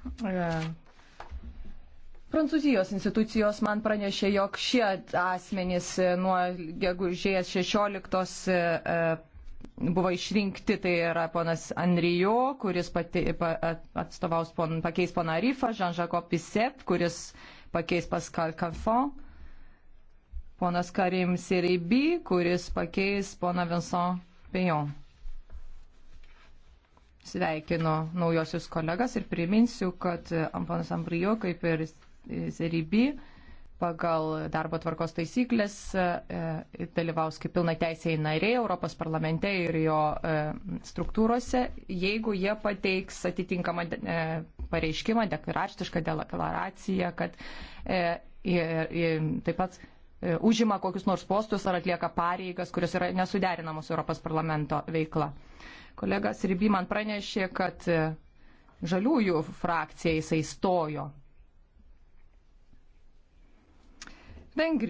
E, Prancūzijos institucijos man pranešė, jog šie asmenys nuo gegužės 16 e, e, buvo išrinkti, tai yra ponas Anrijo, kuris pati, pa, atstovaus pon, pakeis poną Arifą, Jean-Jacques Pisep, kuris pakeis Pascal Canfon, ponas Karim Siribi, kuris pakeis poną Vincent Pejon sveikino naujosius kolegas ir priminsiu, kad Amponas Ambrijo, kaip ir Zeribi, pagal darbo tvarkos taisyklės e, dalyvaus kaip pilna teisėjai nariai Europos parlamente ir jo e, struktūrose, jeigu jie pateiks atitinkamą e, pareiškimą, deklaraštišką deklaraciją, kad ir, ir, taip pat E, užima kokius nors postus ar atlieka pareigas, kurios yra nesuderinamos Europos parlamento veikla. Kolegas Ryby man pranešė, kad e, žaliųjų frakcija jisai stojo. Vengri